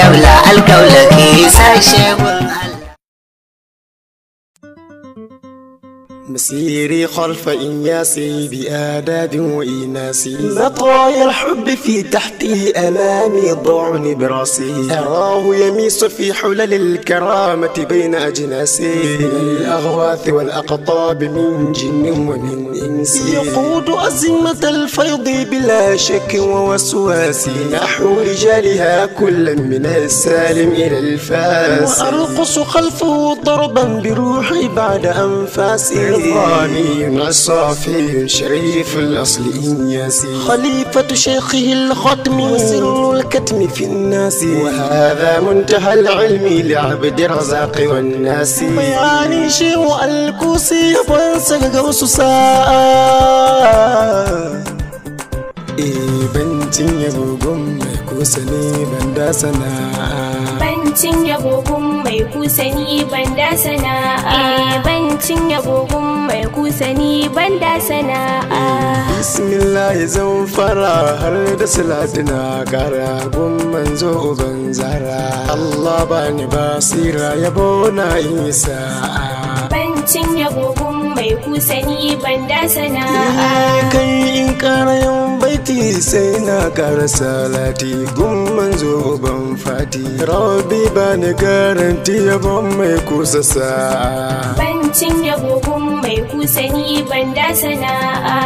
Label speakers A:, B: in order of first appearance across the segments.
A: kaula alkaula ke sashe gun
B: مسيري خلف إنياسي بآداب وإناسي بطايا الحب في تحته أمامي ضعني براسي أراه يميس في حلل الكرامة بين أجناسي من الأغواث والأقطاب من جن ومن إنس يقود أزمة الفيض بلا شك ووسواس نحو رجالها كلا من السالم إلى الفاس وأرقص خلفه ضربا بروحي بعد أنفاسي الغالي الصافي شريف الأصل ياسي خليفة شيخه الختم وسر الكتم في الناس وهذا منتهى العلم لعبد الرزاق والناس بياني شيخ الكوسي فانسك غوص ساعة إيه بنتي يا غوغم كوسني بنداسنا
A: bancin yabogun mai kusani banda sana'a eh, bancin yabogun mai kusani banda sana'a
B: bismillah zan fara har da salatina kara gun manzo uban zara allah bani basira yabo na isa
A: cinye gogon mai kusani ban da sana'a kai in
B: yin baiti sai na kara salati gumman zo ban fati rabi ba ni garanti ban mai kusa sa'a
A: ban cinye gogon mai kusani ban da sana'a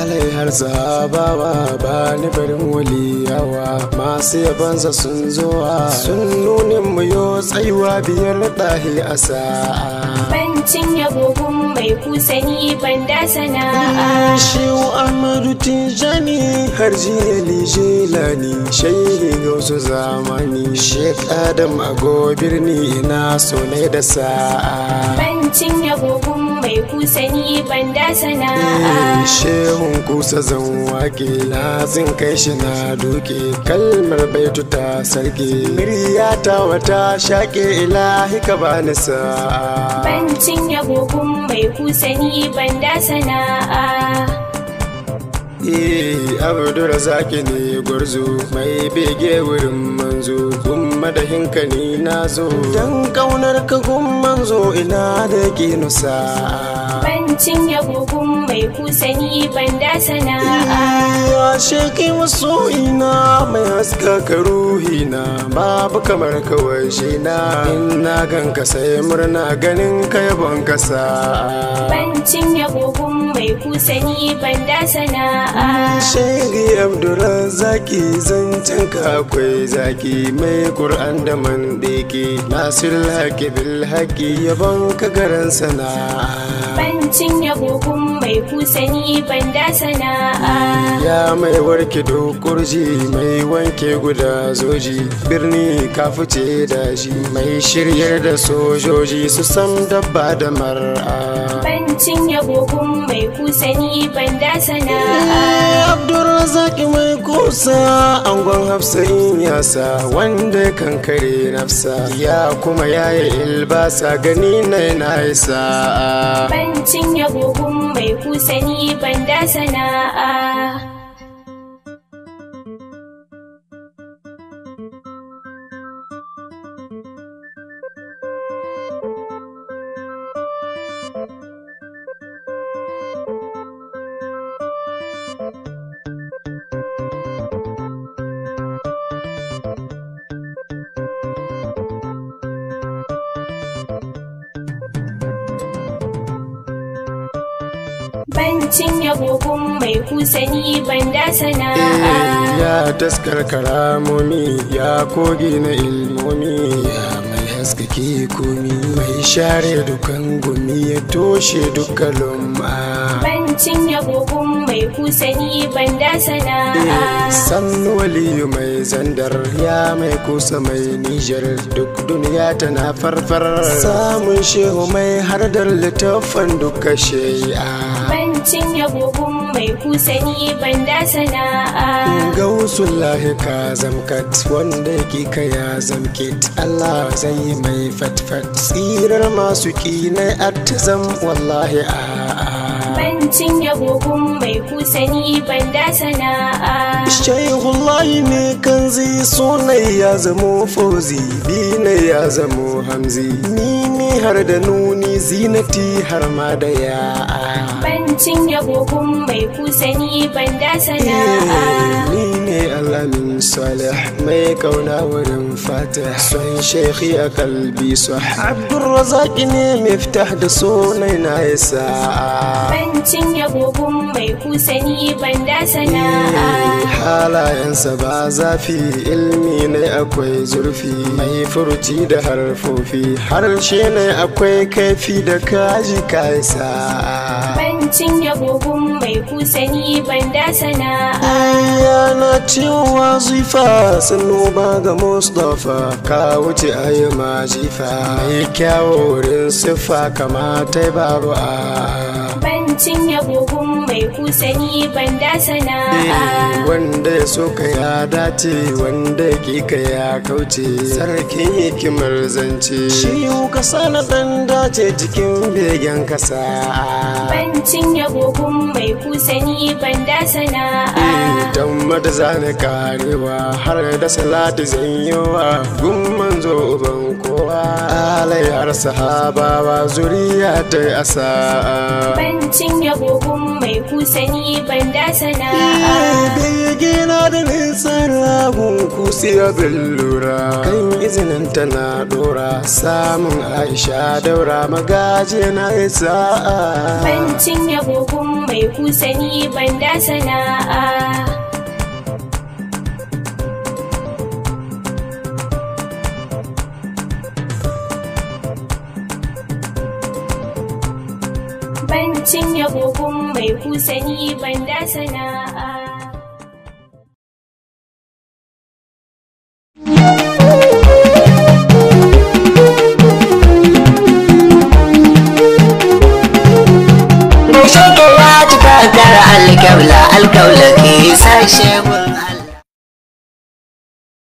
B: alai har zabawa ba ni barin waliyawa masu yabansa sun zuwa, sun nunin mu yo tsayuwa biyar ɗahi a sa'a
A: lokacin da gogun mai kusani ban da sana'a shehu amadu
B: tijani har jiya lijelani shehi wasu zamani shek adam ago birni ina so ne da sa'a
A: bancin da gogun mai kusani ban da sana'a eh,
B: shehun kusa zan ke lazin kai shi na duke kalmar baitu ta sarki murya ta wata shaƙe ilahi ka bani sa'a
A: bancin yabo gogun mai kusa kusani banda sana'a
B: Eh, zaki ne gurzu mai bege wurin manzo kuma da hinka ni na zo. Dan kaunar ka gun manzo ina da ke nusa.
A: Bancin ya mai kusani ban da sana'a.
B: Ya sheƙi ina mai ka ruhina babu kamar kawai shi na. Ina gan ka sai murna ganin ka yabon kasa.
A: Bancin ya mai kusani ban da sana'a.
B: Shehi Zaki, zancen ka akwai zaki mai Kur'an da mandiki. Nasir haƙi bil haƙi yabon ka garan sana'a.
A: lokacin kuma mai kusani banda
B: ya mai warke dokurji mai wanke guda zoji birni ka fice daji, mai shiryar da sojoji su san dabba da mar'a
A: bancin yagogun mai kusani banda sana'a eh,
B: Abdurrazaki mai kusa angon hafsa yasa wanda kan kare nafsa ya kuma yaya ilbasa gani na yana isa
A: bancin yagogun mai Kusani banda sana'a Bancin yagogun mai kusani banda sana'a. Eh,
B: ya taskar karamomi ya kogi na ilmomi ya mai haskake komi mai share dukan gumi ya toshe dukkan lumma.
A: Bancin yagogun mai kusani banda sana'a. Eh,
B: san waliyu mai zandar ya mai kusa mai nijar duk duniya tana farfar. Samun shehu mai hardar littafan duka shai'a.
A: cinye buhun mai kusani banda sana'a
B: wasu lahika zamkat wanda kika kaya zamkit Allah zai yi mai fatfat tsirar masu kinai artizam wallahi a'a
A: cin yabogun mai kusani banda sana'a.
B: Shaihullahi ne Kanzi zai sunai ya zamo fozi, bi ne ya zamo hamzi. har da nuni zinati har ma da ya'a.
A: Bancin yabo mai kusa ni ban da sana'a.
B: Eh, ne alamin salih mai kauna wurin fatih son shekhi a kalbi su abdurrazaki ne miftah da sunai na isa
A: bancin yagogun mai kusani banda sana'a eh,
B: halayensa ba zafi ilmi ne akwai zurfi mai furci da harfofi harshe ne akwai kaifi da kaji kaisa
A: bancin yagogun mai kusani banda sana'a
B: eh, cewa wazifa sannu ba ga mustapha ka wuce a yi majifa mai kyawo wurin siffa kamata babu a
A: cinye buhun mai kusani ban da sana'a eh,
B: wanda ya so ka ya dace wanda ya kika ya kauce sarkin hikimar zance shi ka sana dan dace cikin begen kasa
A: ban cinye buhun mai kusani ban da sana'a eh,
B: dan mada zane karewa har da salati zanyewa gumman zo uban kowa alayar sahabawa zuriya ta yi asa'a
A: sun yabo mai kusani ban da sana'a
B: gina da nisan ragun kusiya bin lura kan izinin tana dora samun aisha daura magaji na isa'a Ban
A: yabo gun mai kusani ban da sana'a bancin yagogun mai kusa ban da sana'a Mai shakewa cika gara alkaula alkaula ke sashe